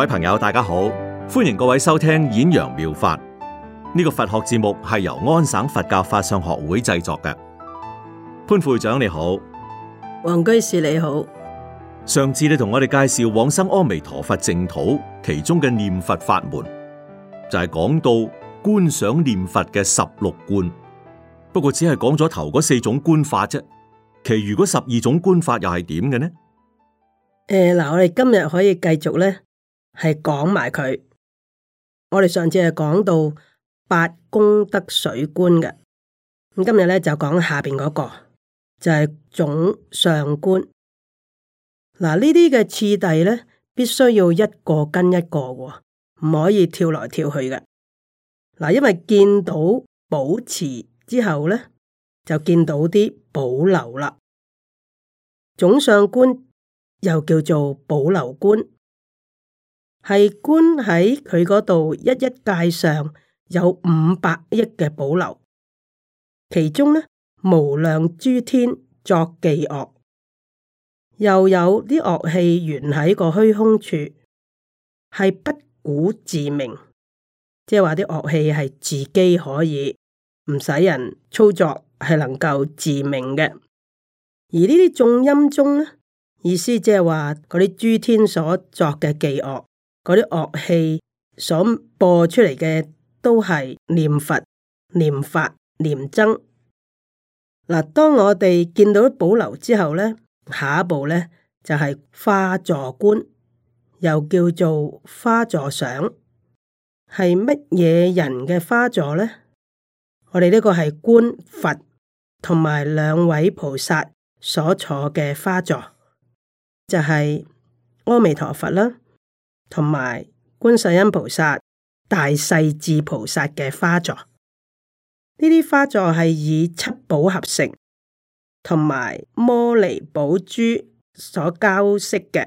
各位朋友，大家好，歡迎各位收聽《演揚妙，妙法》呢、呢個佛學節目，係由安省佛教法相學會製作嘅。潘副會長你好，黃居士你好。上次你同我哋介紹往生阿彌陀佛淨土其中嘅念佛法門，就係、是、講到觀想念佛嘅十六觀，不過只係講咗頭嗰四種觀法啫。其餘嗰十二種觀法又係點嘅呢？誒，嗱，我哋今日可以繼續咧。係講埋佢，我哋上次係講到八功德水觀嘅，咁今日咧就講下邊嗰、嗰個就係、係、總想觀。嗱，呢啲嘅次第咧，必須要一個跟一個，唔可以跳來跳去嘅。嗱，因為見到寶池之後咧，就見到啲寶樓啦。總想觀又叫做寶樓觀。係觀喺佢嗰度一一界上有五百億嘅寶樓，其中呢，無量諸天作伎樂，又有啲樂器懸喺個虛空處，係不鼓自鳴，即係話啲樂器係自己可以唔使人操作，係能夠自鳴嘅。而呢啲眾音中呢，意思即係話嗰啲諸天所作嘅伎樂。嗰啲樂器所播出嚟嘅都係念佛、念法、念僧。嗱，當我哋見到保留之後咧，下一步咧就係、是、花座觀，又叫做花座想，係乜嘢人嘅花座咧？我哋呢個係觀佛同埋兩位菩薩所坐嘅花座，就係、是、阿彌陀佛啦。同埋觀世音菩薩、大勢至菩薩嘅花座，呢啲花座係以七寶合成，同埋摩尼寶珠所交飾嘅。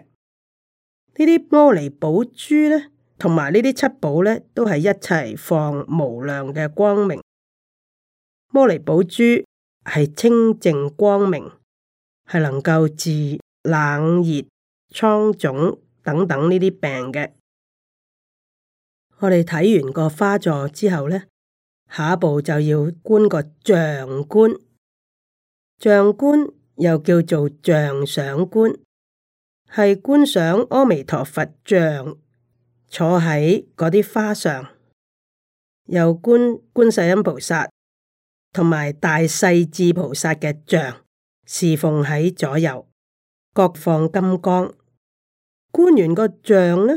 呢啲摩尼寶珠咧，同埋呢啲七寶咧，都係一齊放無量嘅光明。摩尼寶珠係清淨光明，係能夠治冷熱、瘡腫。等等呢啲病嘅，我哋睇完個花座之後咧，下一步就要觀個像觀，像觀又叫做像上觀，係觀賞阿彌陀佛像坐喺嗰啲花上，又觀觀世音菩薩同埋大勢至菩薩嘅像侍奉喺左右，各放金光。觀完個像呢，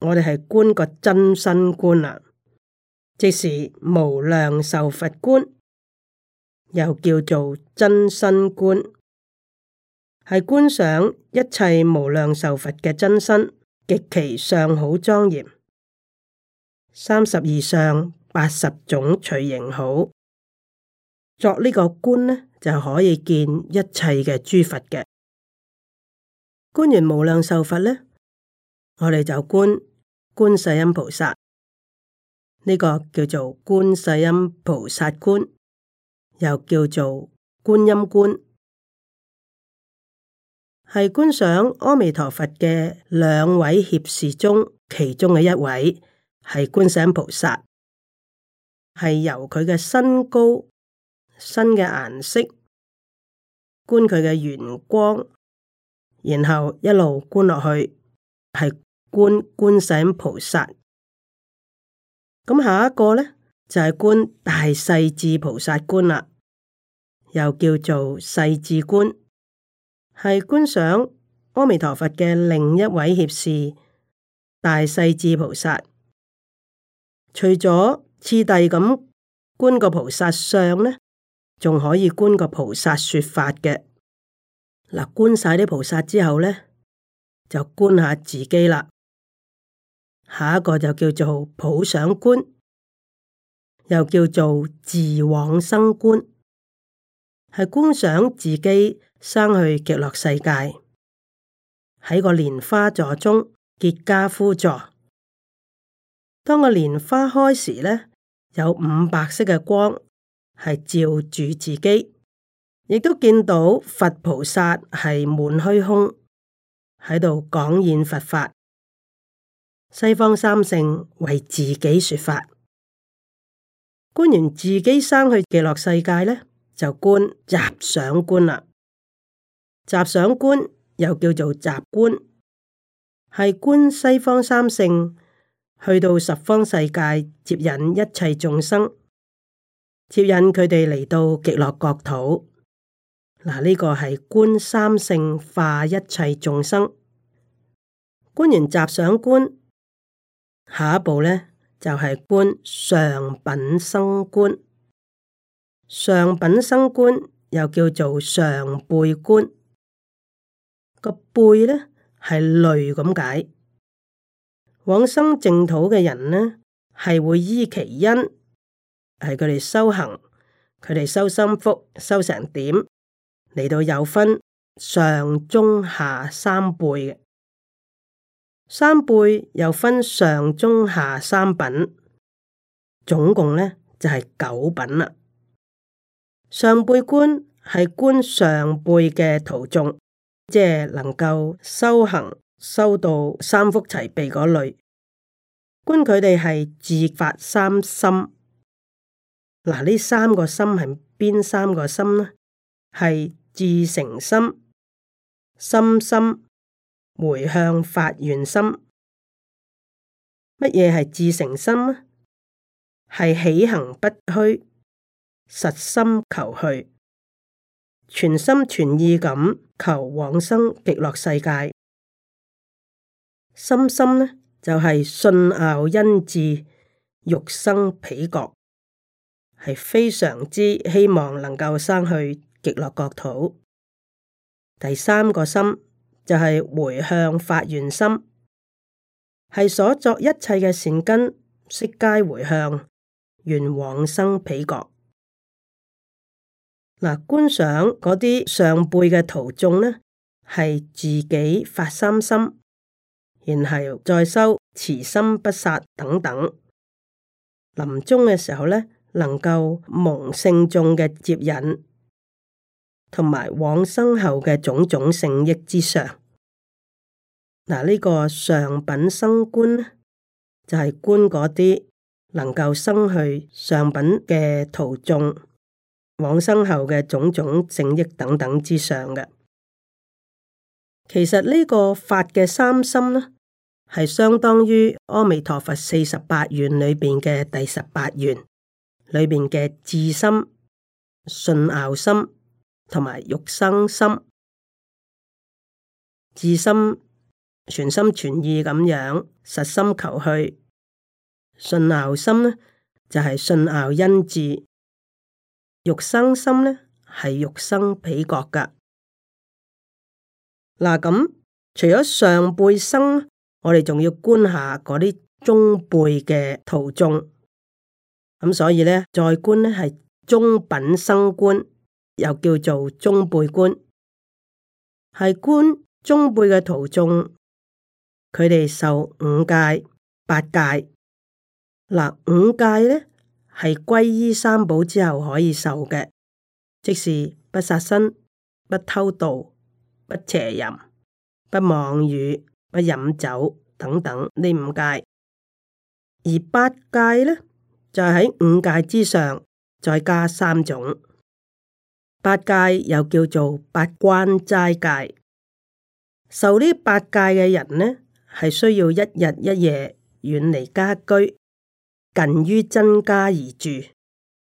我哋係觀個真身觀啊。即是無量壽佛觀，又叫做真身觀，係觀想一切無量壽佛嘅真身，極其上好莊嚴，三十二相八十種隨形好，作呢個觀呢，就可以見一切嘅諸佛嘅。觀完無量壽佛呢。我哋就觀觀世音菩薩，呢個叫做觀世音菩薩觀，又叫做觀音觀，係觀想阿彌陀佛嘅兩位脅侍中其中嘅一位，係觀世音菩薩，係由佢嘅身高、身嘅顏色觀佢嘅圓光，然後一路觀落去係。觀觀世音菩薩，咁下一個呢，就係、是、觀大勢至菩薩觀啦，又叫做勢至觀，係觀想阿彌陀佛嘅另一位脅侍——大勢至菩薩。除咗次第咁觀個菩薩相呢，仲可以觀個菩薩說法嘅。嗱，觀晒啲菩薩之後呢，就觀下自己啦。下一個就叫做普想觀，又叫做自往生觀，係觀想自己生去極樂世界，喺個蓮花座中結跏趺坐。當個蓮花開時，呢，有五白色嘅光係照住自己，亦都見到佛菩薩係滿虛空喺度講演佛法。西方三聖為自己說法，觀完自己生去極樂世界呢，就觀雜想觀啦。雜想觀又叫做雜觀，係觀西方三聖去到十方世界接引一切眾生，接引佢哋嚟到極樂國土。嗱，呢個係觀三聖化一切眾生，觀完雜想觀。下一步咧就係、是，觀上品生觀，上品生觀又叫做上輩觀，這個輩咧係累咁解。往生淨土嘅人咧係會依其因，係佢哋修行，佢哋修心福修成點嚟到有分上中下三輩嘅。三輩又分上中下三品，總共呢就係、是、九品啦。上輩觀係觀上輩嘅途中，即係能夠修行修到三福齊備嗰類觀，佢哋係自發三心。嗱、啊，呢三個心係邊三個心呢？係至誠心、心心、迴向發願心。乜嘢係至誠心啊？係起行不虛，實心求去，全心全意咁求往生極樂世界。心心呢就係、是、信拗因智，欲生彼國，係非常之希望能夠生去極樂國土。第三個心，就係回向發願心，係所作一切嘅善根悉皆回向，願往生彼國。嗱、啊，觀想嗰啲上輩嘅徒眾，呢，係自己發三心，然後再修慈心不殺等等，臨終嘅時候呢，能夠蒙聖眾嘅接引。同埋往生後嘅種種聖益之上，嗱、這、呢個上品生觀呢，就係、是、觀嗰啲能夠生去上品嘅途中，往生後嘅種種聖益等等之上嘅。其實呢個法嘅三心呢，係相當於阿彌陀佛四十八願裏邊嘅第十八願裏邊嘅至心、信樂心。同埋欲生心、至心，全心全意咁樣實心求去，信拗心呢，就係、是、信拗因字，欲生心呢，係欲生彼國噶。嗱咁，除咗上輩生，我哋仲要觀下嗰啲中輩嘅途中。咁所以呢，再觀呢，係中品生觀。又叫做中輩觀，係觀中輩嘅途中，佢哋受五戒、八戒。嗱，五戒咧係皈依三寶之後可以受嘅，即是不殺生、不偷盜、不邪淫、不妄語、不飲酒等等呢五戒。而八戒咧就係喺五戒之上，再加三種。八戒又叫做八關齋戒，受呢八戒嘅人呢係需要一日一夜遠離家居，近於僧家而住，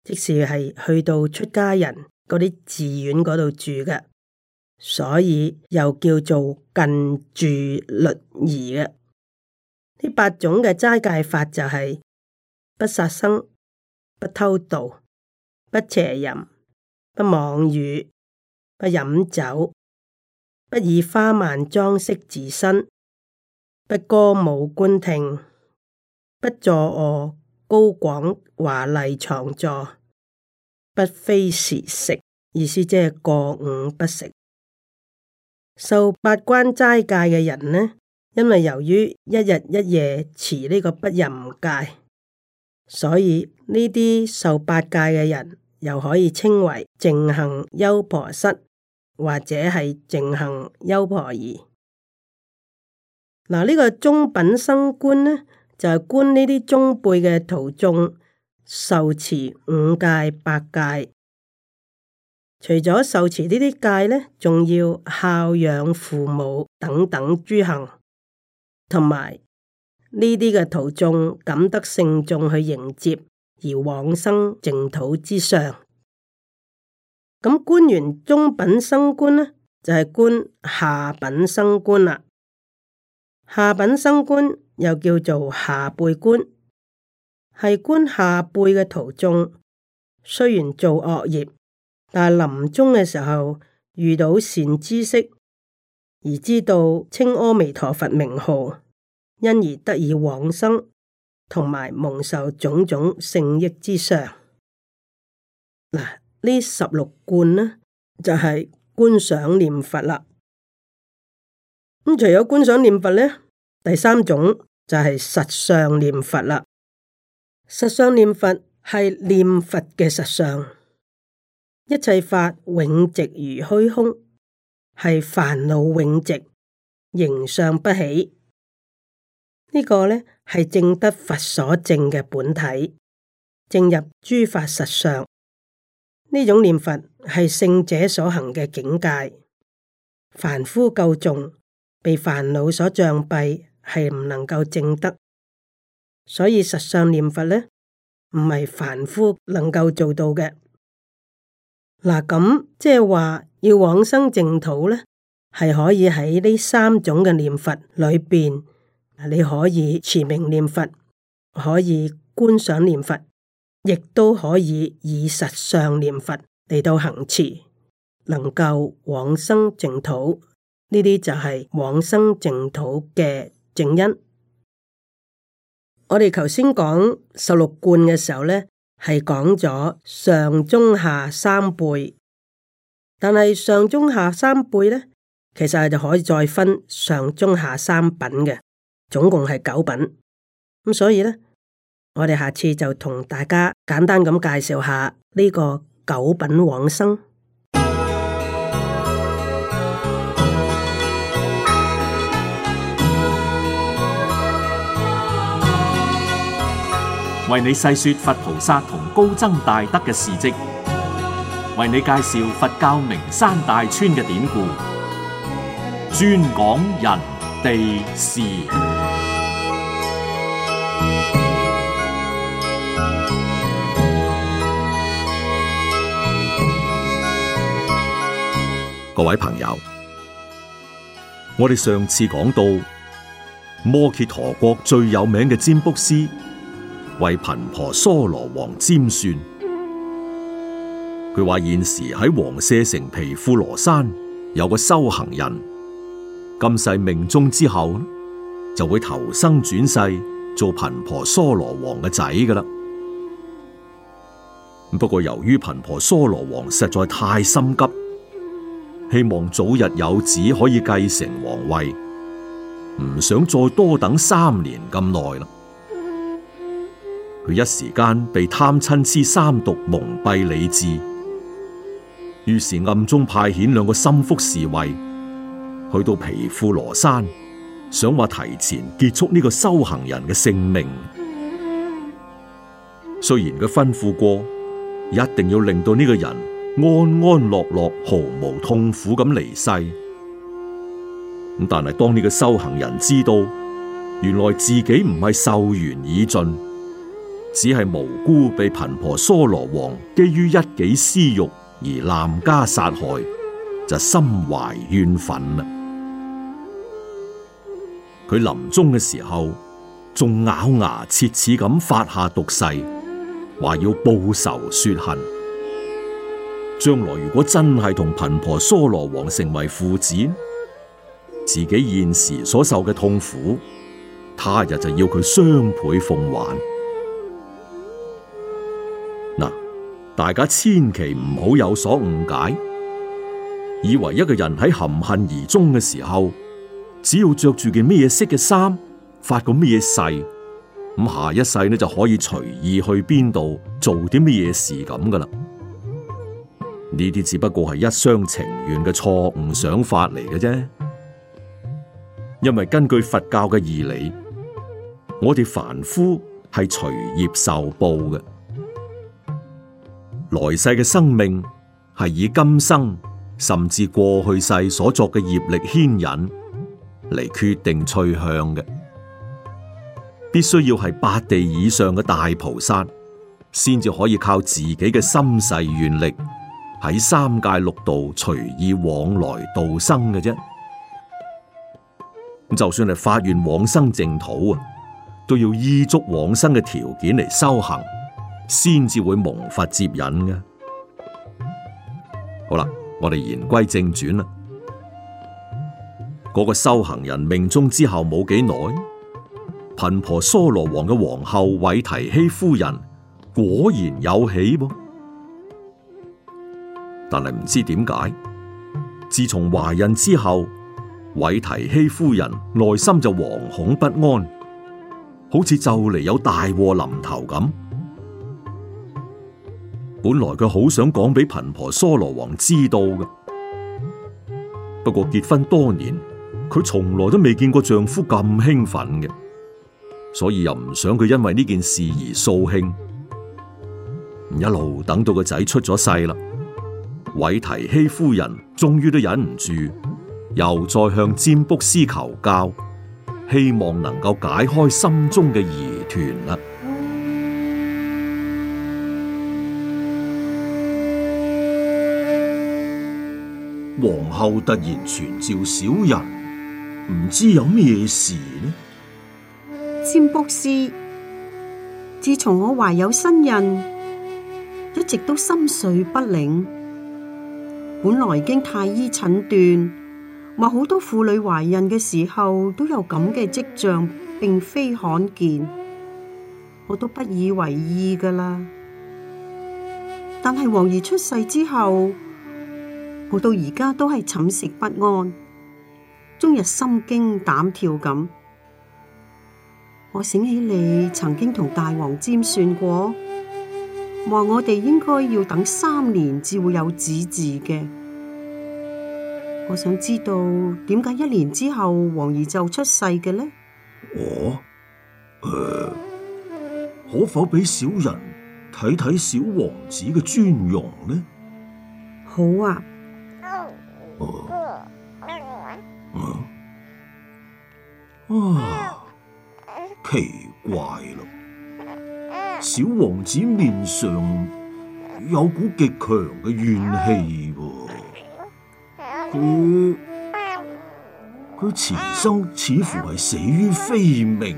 即使係去到出家人嗰啲寺院嗰度住嘅，所以又叫做近住律儀嘅。呢八種嘅齋戒法就係、是、不殺生、不偷盜、不邪淫。不妄語，不飲酒，不以花蔓裝飾自身，不歌舞觀聽，不坐臥高廣華麗床座，不非時食，意思即係過午不食。受八關齋戒嘅人呢，因為由於一日一夜持呢個不淫戒，所以呢啲受八戒嘅人，又可以稱為淨行優婆塞，或者係淨行優婆夷。嗱，呢個中品生觀呢，就係、是、觀呢啲中輩嘅徒眾，受持五戒八戒，除咗受持呢啲戒呢，仲要孝養父母等等諸行，同埋呢啲嘅徒眾，感得聖眾去迎接。而往生淨土之上，咁觀完中品生觀呢，就係觀下品生觀啦。下品生觀又叫做下輩觀，係觀下輩嘅途中，雖然做惡業，但係臨終嘅時候遇到善知識，而知道稱阿彌陀佛名號，因而得以往生。同埋蒙受種種聖益之傷。嗱，呢十六觀呢，就係、是、觀想念佛啦。咁除咗觀想念佛呢，第三種就係實相念佛啦。實相念佛係念佛嘅實相，一切法永寂如虛空，係煩惱永寂，形相不起。呢、這個呢？係正德佛所正嘅本體，正入諸法實相。呢種念佛係聖者所行嘅境界，凡夫垢重，被煩惱所障蔽，係唔能夠正德。所以實相念佛呢，唔係凡夫能夠做到嘅。嗱，咁即係話，要往生淨土呢，係可以喺呢三種嘅念佛裏邊。你可以持名念佛，可以觀想念佛，亦都可以以實相念佛嚟到行持，能夠往生淨土。呢啲就係往生淨土嘅正因。我哋頭先講十六觀嘅時候咧，係講咗上中下三輩，但係上中下三輩咧，其實就可以再分上中下三品嘅。總共係九品，咁所以呢，我哋下次就同大家簡單咁介紹下呢個九品往生。為你細說佛菩薩同高僧大德嘅事跡，為你介紹佛教名山大川嘅典故，專講人地事。各位朋友，我哋上次講到摩羯陀國最有名嘅占卜師，為頻婆娑羅王占算，佢話現時喺王舍城皮富羅山有個修行人，今世命終之後就會投生轉世做頻婆娑羅王嘅仔㗎喇。不過由於頻婆娑羅王實在太心急。希望早日有子可以繼承皇位，唔想再多等三年咁耐啦。佢一時間被貪嗔痴三毒蒙蔽理智，於是暗中派遣兩個心腹侍衛去到皮富羅山，想話提前結束呢個修行人嘅性命。雖然佢吩咐過，一定要令到呢個人。安安樂樂，毫無痛苦咁離世。咁但係當呢個修行人知道，原來自己唔係壽元已盡，只係無辜被頻婆娑羅王基於一己私欲而濫加殺害，就心懷怨憤啦。佢臨終嘅時候，仲咬牙切齒咁發下毒誓，話要報仇雪恨。將來如果真係同頻婆娑羅王成為父子，自己現時所受嘅痛苦，他日就要佢雙倍奉還。嗱，大家千祈唔好有所誤解，以為一個人喺含恨而終嘅時候，只要着住件咩色嘅衫，發過咩誓，咁下一世呢就可以隨意去邊度做啲咩嘢事咁噶啦。呢啲只不過係一廂情願嘅錯誤想法嚟嘅啫，因為根據佛教嘅義理，我哋凡夫係隨業受報嘅，來世嘅生命係以今生甚至過去世所作嘅業力牽引嚟決定趨向嘅，必須要係八地以上嘅大菩薩先至可以靠自己嘅心誓願力喺三界六道隨意往來度生嘅啫。就算係發願往生淨土啊，都要依足往生嘅條件嚟修行，先至會蒙法接引嘅。好啦，我哋言歸正傳啦。嗰、那個修行人命終之後冇幾耐，頻婆娑羅王嘅皇后韋提希夫人果然有喜噃。但係唔知點解，自從懷孕之後，韋提希夫人內心就惶恐不安，好似就嚟有大禍臨頭咁。本來佢好想講俾頻婆娑羅王知道嘅，不過結婚多年，佢從來都未見過丈夫咁興奮嘅，所以又唔想佢因為呢件事而掃興。一路等到個仔出咗世啦。韋提希夫人終於都忍唔住，又再向占卜師求教，希望能夠解開心中嘅疑團啦。皇 后突然傳召小人，唔知有咩事呢？占卜師，自從我懷有身孕，一直都心緒不寧。本來經太醫診斷，話好多婦女懷孕嘅時候都有咁嘅跡象，並非罕見。我都不以為意噶啦。但係皇兒出世之後，我到而家都係寢食不安，終日心驚膽跳咁。我醒起你曾經同大王占算過。話我哋應該要等三年至會有子嗣嘅，我想知道點解一年之後皇兒就出世嘅呢？哦，uh, 可否俾小人睇睇小王子嘅尊容呢？好啊。Uh, 啊。奇怪咯。小王子面上有股極強嘅怨氣，佢佢前生似乎係死於非命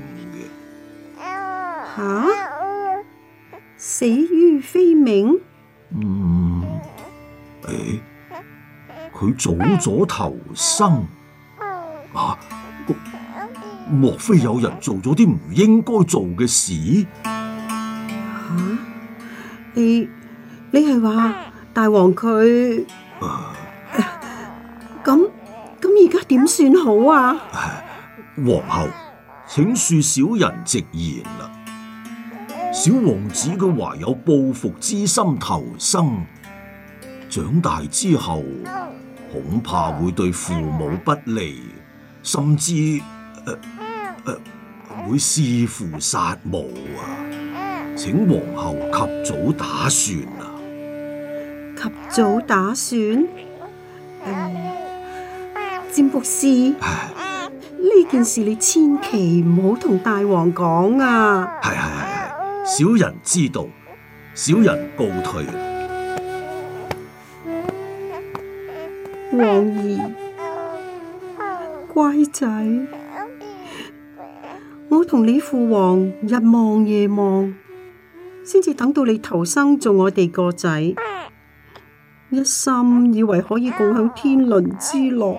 嘅。吓？死於非命？嗯。誒、欸，佢早咗投生啊？莫非有人做咗啲唔應該做嘅事？你你係話，大王佢咁咁而家點算好啊？皇、啊啊啊、后，請恕小人直言啦，小王子佢懷有報復之心，投生長大之後，恐怕會對父母不利，甚至誒誒、呃呃、會弑父殺母啊！請皇后及早打算啊！及早打算。呃、占卜師，呢件事你千祈唔好同大王講啊！係係係，小人知道，小人告退啦。王兒、uh，乖仔，我同你父王日望夜望，先至等到你投生做我哋個仔，一心以為可以共享天倫之樂，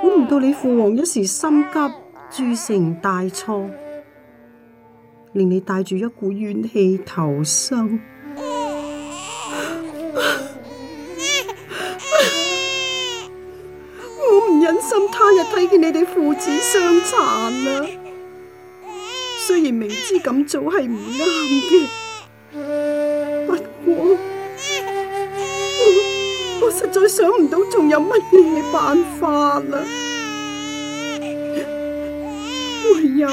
估唔到你父王一時心急鑄成大錯，令你帶住一股怨氣投生。 我唔忍心他日睇見你哋父子相殘啊！雖然明知咁做係唔啱嘅，不過我我，我實在想唔到仲有乜嘢辦法啦，唯有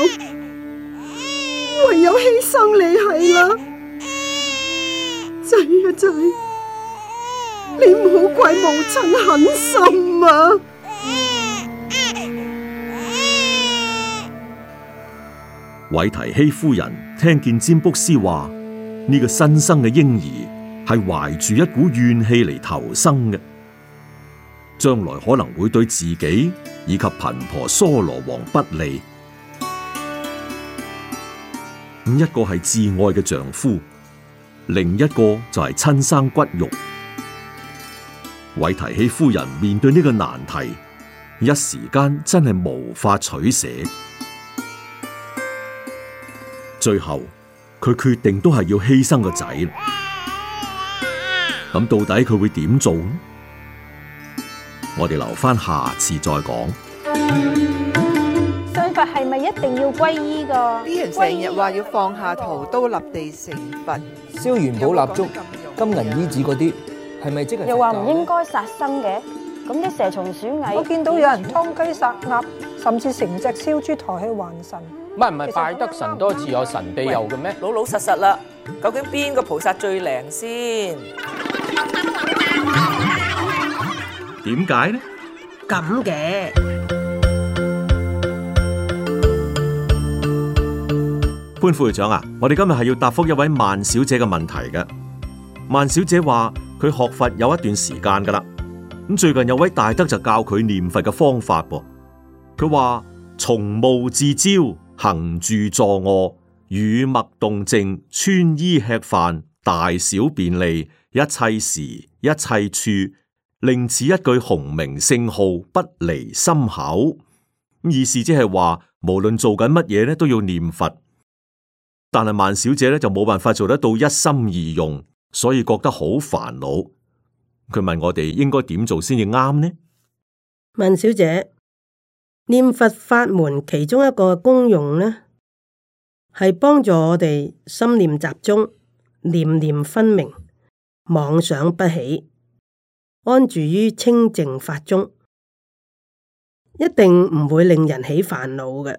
唯有犧牲你係啦，仔啊仔，你唔好怪母親狠心啊！韋提希夫人聽見占卜師話，呢個新生嘅嬰兒係懷住一股怨氣嚟投生嘅，將來可能會對自己以及頻婆娑羅王不利。一個係至愛嘅丈夫，另一個就係親生骨肉。韋提希夫人面對呢個難題，一時間真係無法取捨。最後，佢決定都係要犧牲個仔。咁到底佢會點做呢？我哋留翻下次再講。信佛係咪一定要皈依噶？成日話要放下屠刀立地成佛，燒元寶蠟燭、金銀衣紙嗰啲，係咪即係？又話唔應該殺生嘅。咁啲蛇蟲鼠蟻，我見到有人劏雞殺鴨，甚至成隻燒豬抬去還神。唔，唔係，拜得神多自有神庇佑嘅咩？老老實實啦，究竟邊個菩薩最靈先？點解 呢？咁嘅潘副會長啊，我哋今日係要答複一位萬小姐嘅問題嘅。萬小姐話佢學佛有一段時間噶啦，咁最近有位大德就教佢念佛嘅方法噃。佢話從無自招。行住坐臥，語默動靜，穿衣吃飯，大小便利，一切時一切處，令此一句洪名聖號不離心口。意思即係話，無論做緊乜嘢咧，都要念佛。但係萬小姐咧就冇辦法做得到一心二用，所以覺得好煩惱。佢問我哋應該點做先至啱呢？萬小姐。念佛法門其中一個功用呢，係幫助我哋心念集中，念念分明，妄想不起，安住於清淨法中，一定唔會令人起煩惱嘅。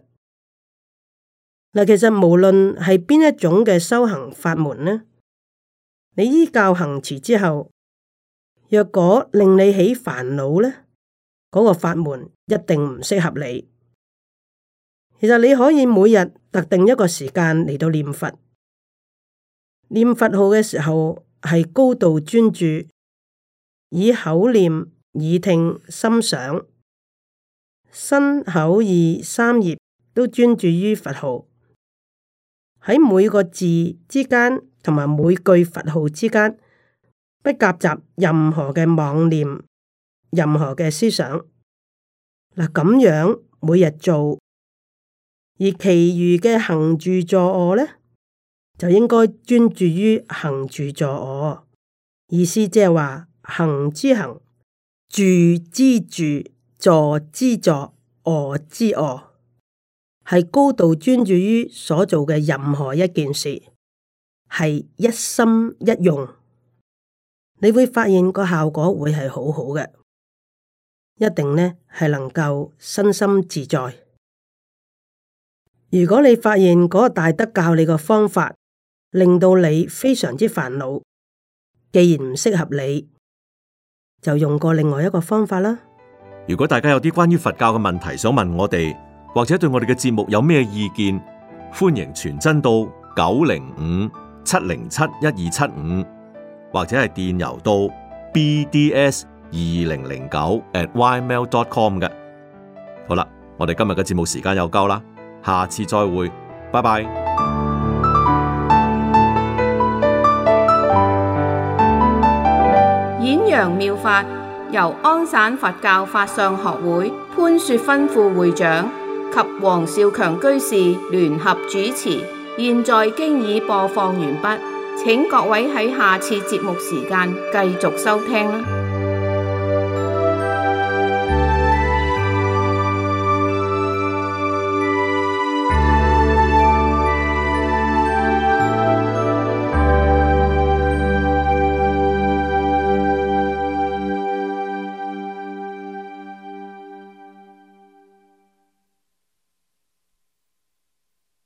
嗱，其實無論係邊一種嘅修行法門呢，你依教行持之後，若果令你起煩惱呢，嗰個法門一定唔適合你。其實你可以每日特定一個時間嚟到念佛，念佛號嘅時候係高度專注，以口念、以聽、心想、身口意三業都專注於佛號，喺每個字之間同埋每句佛號之間，不夾雜任何嘅妄念。任何嘅思想嗱，咁樣每日做，而其餘嘅行住坐臥咧就應該專注於行住坐臥。意思即係話行之行，住之住，坐之坐，臥之臥，係高度專注於所做嘅任何一件事，係一心一用。你會發現個效果會係好好嘅。一定呢係能夠身心自在。如果你發現嗰個大德教你嘅方法令到你非常之煩惱，既然唔適合你，就用過另外一個方法啦。如果大家有啲關於佛教嘅問題想問我哋，或者對我哋嘅節目有咩意見，歡迎傳真到九零五七零七一二七五，或者係電郵到 bds 二零零九 at ymail.com 嘅。好啦，我哋今日嘅節目時間又夠啦，下次再會，拜拜。演陽妙法由安省佛教法相學會潘雪芬副會長及黃少強居士聯合主持，現在經已播放完畢，請各位喺下次節目時間繼續收聽。